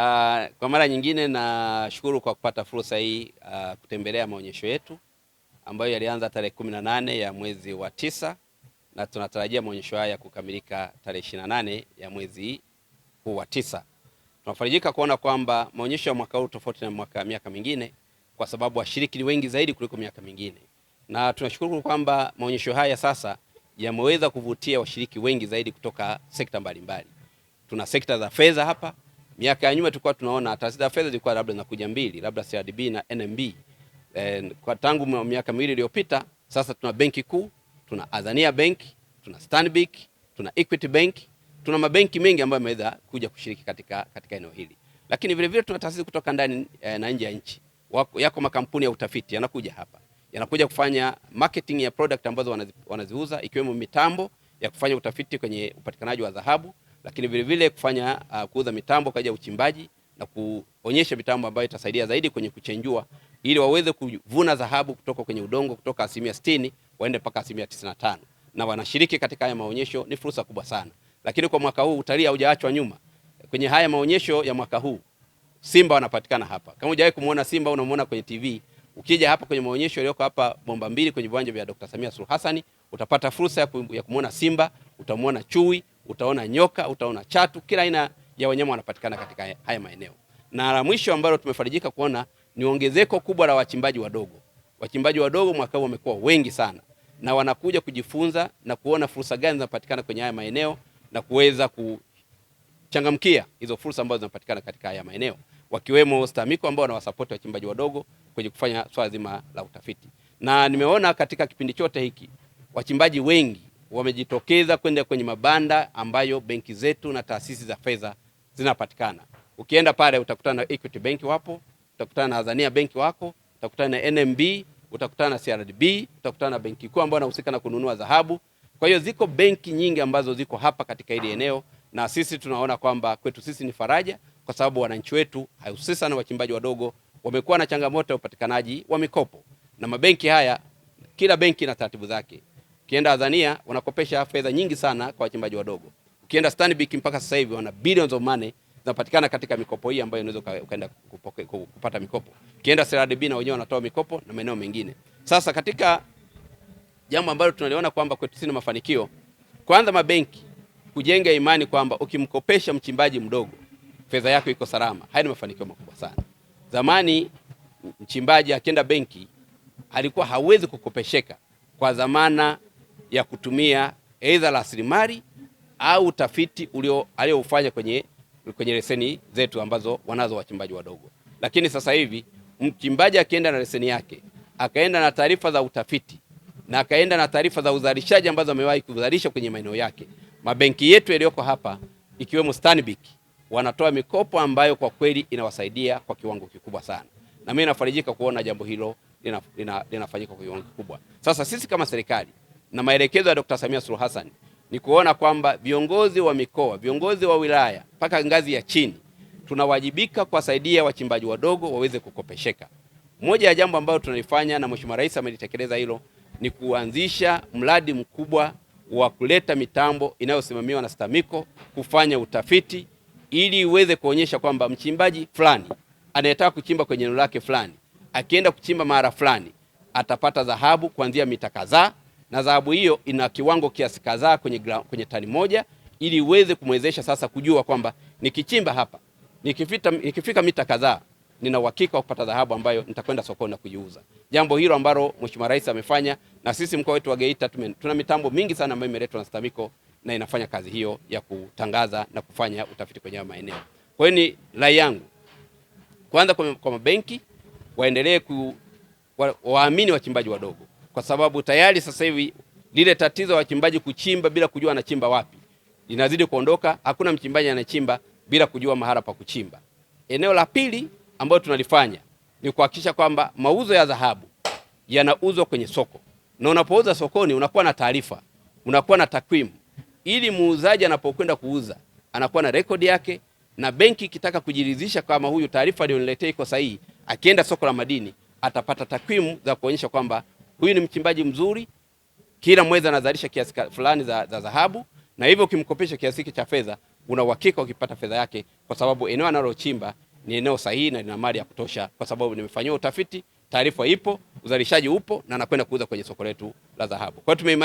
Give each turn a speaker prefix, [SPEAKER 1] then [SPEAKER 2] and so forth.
[SPEAKER 1] Uh, kwa mara nyingine nashukuru kwa kupata fursa hii uh, kutembelea maonyesho yetu ambayo yalianza tarehe kumi na nane ya mwezi wa tisa na tunatarajia maonyesho haya kukamilika tarehe ishirini na nane ya mwezi huu wa tisa. Tunafarijika kuona kwamba maonyesho ya mwaka huu tofauti na mwaka miaka mingine, kwa sababu washiriki ni wengi zaidi kuliko miaka mingine, na tunashukuru kwamba maonyesho haya sasa yameweza kuvutia washiriki wengi zaidi kutoka sekta mbalimbali mbali. Tuna sekta za fedha hapa Miaka ya nyuma tulikuwa tunaona taasisi za fedha zilikuwa labda zinakuja mbili, labda CRDB na NMB. E, eh, kwa tangu miaka miwili iliyopita sasa tuna benki kuu, tuna Azania Bank, tuna Stanbic, tuna Equity Bank, tuna mabenki mengi ambayo yameweza kuja kushiriki katika, katika eneo hili, lakini vile vile tuna taasisi kutoka ndani e, na nje ya nchi. Yako makampuni ya utafiti yanakuja hapa yanakuja kufanya marketing ya product ambazo wanaziuza ikiwemo mitambo ya kufanya utafiti kwenye upatikanaji wa dhahabu lakini vile vile kufanya uh, kuuza mitambo kwa ajili ya uchimbaji na kuonyesha mitambo ambayo itasaidia zaidi kwenye kuchenjua ili waweze kuvuna dhahabu kutoka kwenye udongo kutoka asilimia 60 waende mpaka asilimia 95, na wanashiriki katika haya maonyesho. Ni fursa kubwa sana, lakini kwa mwaka huu utalii haujaachwa nyuma. Kwenye haya maonyesho ya mwaka huu simba wanapatikana hapa. Kama hujawahi kumuona simba, unamuona kwenye TV. Ukija hapa kwenye maonyesho yaliyoko hapa Bomba Mbili kwenye viwanja vya Dr. Samia Suluhu Hassan, utapata fursa ya kumuona simba, utamuona chui utaona nyoka, utaona chatu, kila aina ya wanyama wanapatikana katika haya maeneo. Na la mwisho ambalo tumefarijika kuona ni ongezeko kubwa la wachimbaji wadogo. Wachimbaji wadogo mwaka huu wamekuwa wengi sana, na wanakuja kujifunza na kuona fursa gani zinapatikana kwenye haya maeneo na kuweza kuchangamkia hizo fursa ambazo zinapatikana katika haya maeneo, wakiwemo STAMICO ambao wanawasapoti wachimbaji wadogo kwenye kufanya swala zima la utafiti. Na nimeona katika kipindi chote hiki wachimbaji wengi wamejitokeza kwenda kwenye mabanda ambayo benki zetu na taasisi za fedha zinapatikana. Ukienda pale utakutana na Equity Bank wapo, utakutana na Azania Bank wako, utakutana na NMB, utakutana na CRDB, utakutana na benki kuu ambayo anahusika na kununua dhahabu. Kwa hiyo ziko benki nyingi ambazo ziko hapa katika hili eneo, na sisi tunaona kwamba kwetu sisi ni faraja, kwa sababu wananchi wetu hususan wachimbaji wadogo wamekuwa na changamoto ya upatikanaji wa mikopo, na mabenki haya, kila benki na taratibu zake. Ukienda Tanzania wanakopesha fedha nyingi sana kwa wachimbaji wadogo. Ukienda Stanbic mpaka sasa hivi wana billions of money zinapatikana katika mikopo hii ambayo unaweza ukaenda kupata mikopo. Ukienda CRDB na wenyewe wanatoa mikopo na maeneo mengine. Sasa katika jambo ambalo tunaliona kwamba kwetu sina mafanikio, kwanza mabenki kujenga imani kwamba ukimkopesha mchimbaji mdogo fedha yako iko salama. Haya ni mafanikio makubwa sana. Zamani mchimbaji akienda benki alikuwa hawezi kukopesheka kwa dhamana ya kutumia aidha rasilimali au utafiti aliofanya kwenye, kwenye leseni zetu ambazo wanazo wachimbaji wadogo. Lakini sasa hivi mchimbaji akienda na leseni yake akaenda na taarifa za utafiti na akaenda na taarifa za uzalishaji ambazo amewahi kuzalisha kwenye maeneo yake, mabenki yetu yaliyoko hapa ikiwemo Stanbic wanatoa mikopo ambayo kwa kweli inawasaidia kwa kiwango kikubwa sana, na mimi nafarijika kuona jambo hilo linafanyika lina, lina kwa kiwango kikubwa. Sasa sisi kama serikali na maelekezo ya Dr. Samia Suluhu Hassan ni kuona kwamba viongozi wa mikoa, viongozi wa wilaya mpaka ngazi ya chini tunawajibika kuwasaidia wachimbaji wadogo waweze kukopesheka. Moja ya jambo ambalo tunalifanya na Mheshimiwa Rais amelitekeleza hilo ni kuanzisha mradi mkubwa wa kuleta mitambo inayosimamiwa na STAMICO kufanya utafiti ili iweze kuonyesha kwamba mchimbaji fulani anayetaka kuchimba kwenye eneo lake fulani akienda kuchimba mara fulani atapata dhahabu kuanzia mita kadhaa na dhahabu hiyo ina kiwango kiasi kadhaa kwenye, kwenye tani moja, ili uweze kumwezesha sasa kujua kwamba nikichimba hapa nikifita, nikifika mita kadhaa nina uhakika wa kupata dhahabu ambayo nitakwenda sokoni na kuiuza. Jambo hilo ambalo Mheshimiwa Rais amefanya, na sisi mkoa wetu wa Geita tuna mitambo mingi sana ambayo imeletwa na STAMICO na inafanya kazi hiyo ya kutangaza na kufanya utafiti kwenye maeneo. Kwa hiyo ni rai yangu kwanza kwa mabenki waendelee ku waamini wachimbaji wadogo kwa sababu tayari sasa hivi lile tatizo la wachimbaji kuchimba bila kujua anachimba wapi linazidi kuondoka. Hakuna mchimbaji anachimba bila kujua mahala pa kuchimba. Eneo la pili ambalo tunalifanya ni kuhakikisha kwamba mauzo ya dhahabu yanauzwa kwenye soko, na unapouza sokoni unakuwa na taarifa, unakuwa na takwimu, ili muuzaji anapokwenda kuuza anakuwa na rekodi yake, na benki ikitaka kujiridhisha kama huyu taarifa aliyoniletea iko sahihi, akienda soko la madini atapata takwimu za kuonyesha kwamba Huyu ni mchimbaji mzuri, kila mwezi anazalisha kiasi fulani za dhahabu, na hivyo ukimkopesha kiasi hiki cha fedha una uhakika ukipata fedha yake, kwa sababu eneo analochimba ni eneo sahihi na lina mali ya kutosha, kwa sababu nimefanyiwa utafiti, taarifa ipo, uzalishaji upo, na anakwenda kuuza kwenye soko letu la dhahabu. Kwa hiyo